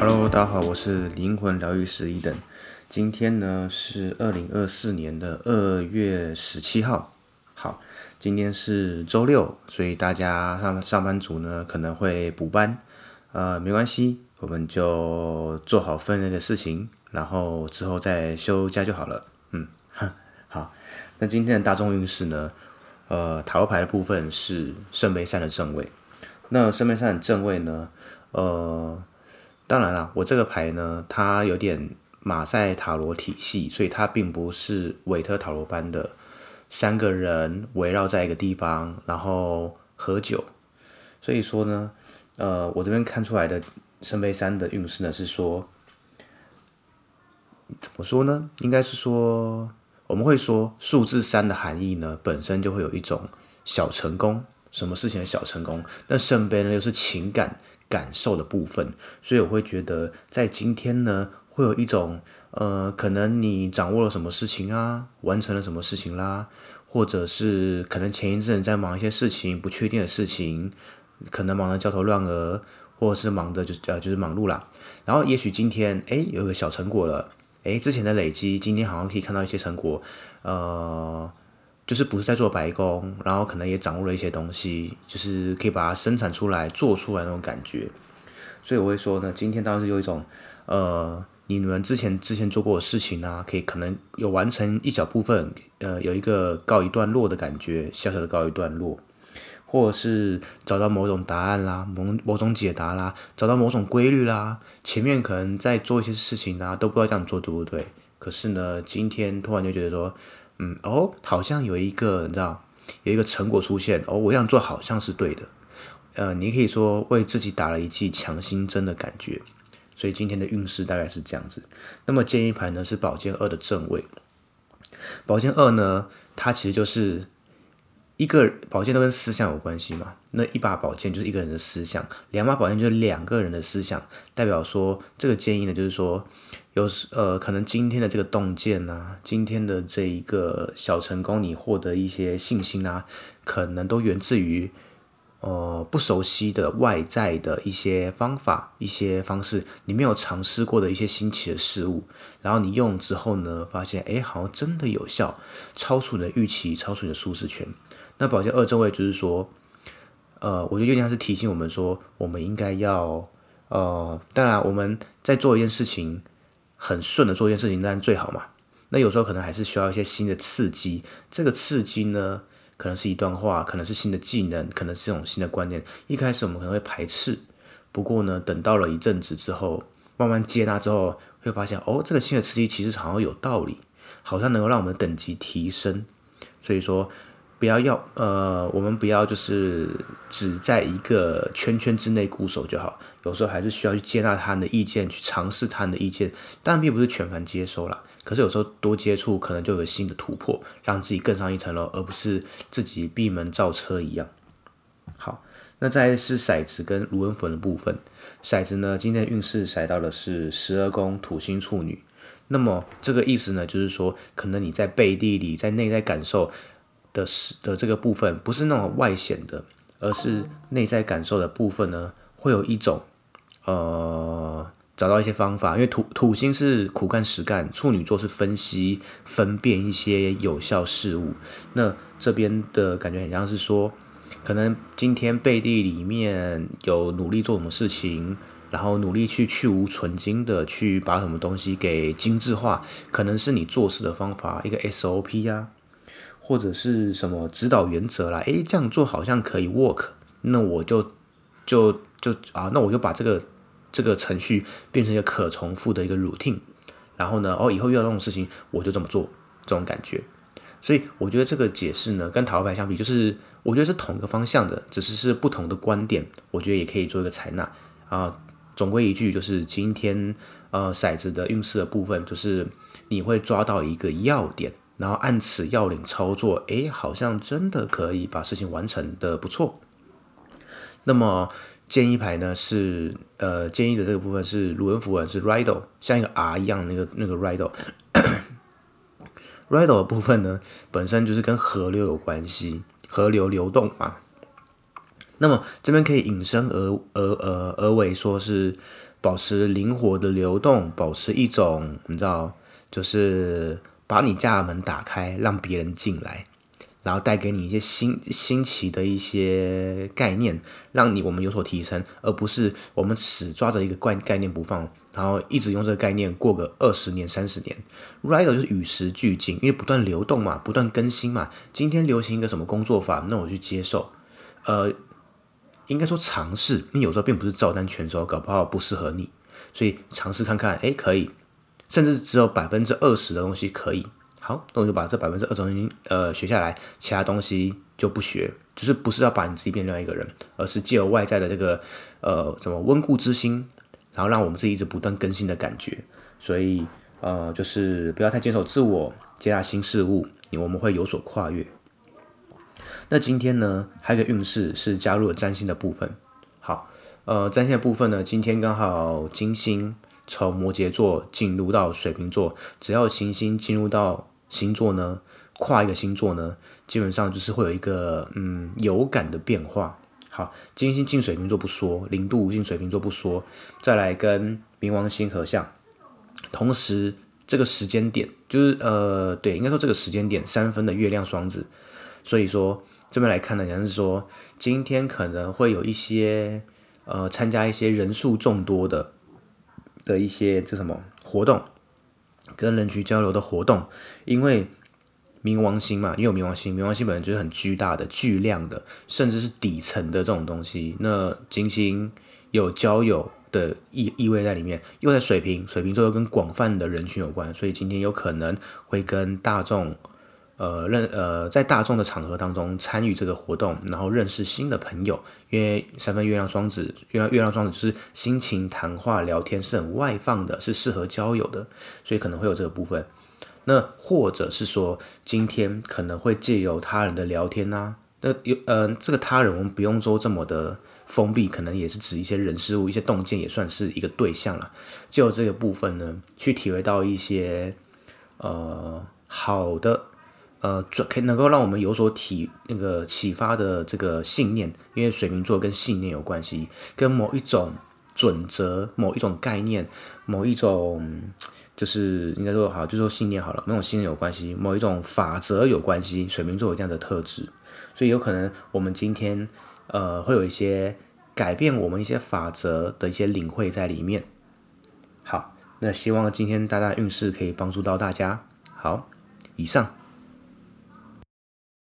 哈嘍，大家好，我是靈魂療癒師 Eden。今天呢是二零二四年的二月十七號。好，今天是週六，所以大家上上班族呢可能會補班，呃，沒關係，我們就做好分內的事情，然後之後再休假就好了。嗯，哈，好。那今天的大眾運勢呢？呃，塔羅牌的部分是聖杯三的正位。那聖杯三的正位呢？呃。當然啦，我這個牌呢，它有點馬賽塔羅體系，所以它並不是韋特塔羅般的三個人圍繞在一個地方然後喝酒。所以說呢，呃，我這邊看出來的聖杯三的運勢呢，是說怎麼說呢？應該是說我們會說數字三的含義呢，本身就會有一種小成功，什麼事情的小成功。那聖杯呢，又是情感。感受的部分，所以我會覺得在今天呢，會有一種呃，可能你掌握了什麼事情啊，完成了什麼事情啦，或者是可能前一陣子在忙一些事情，不確定的事情，可能忙得焦頭爛額，或者是忙得就呃就是忙碌啦。然後也許今天誒，有個小成果了，誒，之前的累積，今天好像可以看到一些成果，呃。就是不是在做白工，然後可能也掌握了一些東西，就是可以把它生產出來、做出來那種感覺。所以我會說呢，今天當然是有一種，呃，你們之前之前做過的事情啊，可以可能有完成一小部分，呃，有一個告一段落的感覺，小小的告一段落，或者是找到某種答案啦、某某種解答啦、找到某種規律啦。前面可能在做一些事情啊，都不知道這樣做對不對，可是呢，今天突然就覺得說。嗯哦，好像有一個你知道有一個成果出現哦，我想做好像是對的，呃，你可以說，為自己打了一劑強心針的感覺，所以今天的運勢大概是這樣子。那麼建議牌呢是寶劍二的正位，寶劍二呢，它其實就是。一個寶劍都跟思想有關係嘛，那一把寶劍就是一個人的思想，兩把寶劍就是兩個人的思想。代表說這個建議呢，就是說，有時，呃，可能今天的這個洞見啊，今天的這一個小成功，你獲得一些信心啊，可能都源自於。呃，不熟悉的外在的一些方法、一些方式，你沒有嘗試過的一些新奇的事物，然後你用之後呢，發現哎，好像真的有效，超出你的預期，超出你的舒適圈。那寶劍二正位就是說，呃，我覺得月亮是提醒我們說，我們應該要呃，當然我們在做一件事情很順的做一件事情當然最好嘛，那有時候可能還是需要一些新的刺激，這個刺激呢。可能是一段話，可能是新的技能，可能是這種新的觀念。一開始我們可能會排斥，不過呢，等到了一陣子之後，慢慢接納之後，會發現哦，這個新的刺激其實好像有道理，好像能夠讓我們的等級提升。所以說，不要要，呃，我們不要就是只在一個圈圈之內固守就好。有時候還是需要去接納他人的意見，去嘗試他人的意見，但並不是全盤接收啦。可是有時候多接觸，可能就有新的突破，讓自己更上一層樓，而不是自己閉門造車一樣。好，那再是骰子跟盧恩符文的部分。骰子呢，今天運勢骰到的是十二宮、土星、處女。那麼這個意思呢，就是說，可能你在背地裡，在內在感受的的這個部分，不是那種外顯的，而是內在感受的部分呢，會有一種，呃。找到一些方法，因為土土星是苦幹實幹，處女座是分析分辨一些有效事物。那這邊的感覺很像是說，可能今天背地裡面有努力做什麼事情，然後努力去去蕪存菁的去把什麼東西給精緻化，可能是你做事的方法一個 SOP 呀、啊，或者是什麼指導原則啦。哎，這樣做好像可以 work，那我就就就啊，那我就把這個。這個程序變成一個可重複的一個 routine，然後呢，哦，以後遇到這種事情我就這麼做，這種感覺。所以我覺得這個解釋呢，跟塔羅牌相比，就是我覺得是同一個方向的，只是是不同的觀點，我覺得也可以做一個採納。啊、呃，總歸一句就是，今天呃，骰子的運勢的部分，就是你會抓到一個要點，然後按此要領操作，哎，好像真的可以把事情完成得不錯。那麼。建議牌呢是，呃，建議的這個部分是盧恩符文是 Raido，像一個 R 一樣那個那個 Raido，Raido 的部分呢，本身就是跟河流有關係，河流流動啊。那麼這邊可以引申而而而而為說是保持靈活的流動，保持一種你知道就是把你家的門打開，讓別人進來。然後帶給你一些新新奇的一些概念，讓你我們有所提升，而不是我們死抓着一個概概念不放，然後一直用這個概念過個二十年三十年。Raido 就是與時俱進，因為不斷流動嘛，不斷更新嘛。今天流行一個什麼工作法，那我去接受，呃，應該說嘗試。你有時候並不是照單全收，搞不好不適合你，所以嘗試看看，誒，可以，甚至只有百分之二十的東西可以。好，那我就把這百分之二十的東西呃學下來，其他東西就不學，就是不是要把你自己變另外一個人，而是借由外在的這個呃什麼溫故知新，然後讓我們自己一直不斷更新的感覺。所以呃就是不要太堅守自我，接納新事物，我們會有所跨越。那今天呢，還有一個運勢是加入了占星的部分。好，呃，占星的部分呢，今天剛好金星從摩羯座進入到水瓶座，只要行星進入到。星座呢，跨一個星座呢，基本上就是會有一個嗯有感的變化。好，金星進水瓶座不說，零度進水瓶座不說，再來跟冥王星合相，同時這個時間點就是呃對，應該說這個時間點三分的月亮雙子，所以說這邊來看呢，像是說今天可能會有一些呃參加一些人數眾多的的一些這什麼活動。跟人群交流的活動，因為冥王星嘛，因為有冥王星，冥王星本身就是很巨大的、巨量的，甚至是底層的這種東西。那金星有交友的意意味在裡面，又在水瓶，水瓶座又跟廣泛的人群有關，所以今天有可能會跟大眾。呃，認呃，在大眾的場合當中參與這個活動，然後認識新的朋友，因為三分月亮雙子，月亮月亮雙子是心情談話聊天，是很外放的，是適合交友的，所以可能會有這個部分。那或者是說，今天可能會借由他人的聊天吶、啊，那有呃，這個他人我們不用做這麼的封閉，可能也是指一些人事物、一些動靜也算是一個對象了、啊。借由這個部分呢，去體會到一些呃好的。呃，準可以能夠讓我們有所體那個啟發的這個信念，因為水瓶座跟信念有關係，跟某一種準則、某一種概念、某一種就是應該說好，就是說信念好了，某種信念有關係，某一種法則有關係，水瓶座有這樣的特質，所以有可能我們今天呃會有一些改變我們一些法則的一些領會在裡面。好，那希望今天大家的運勢可以幫助到大家。好，以上。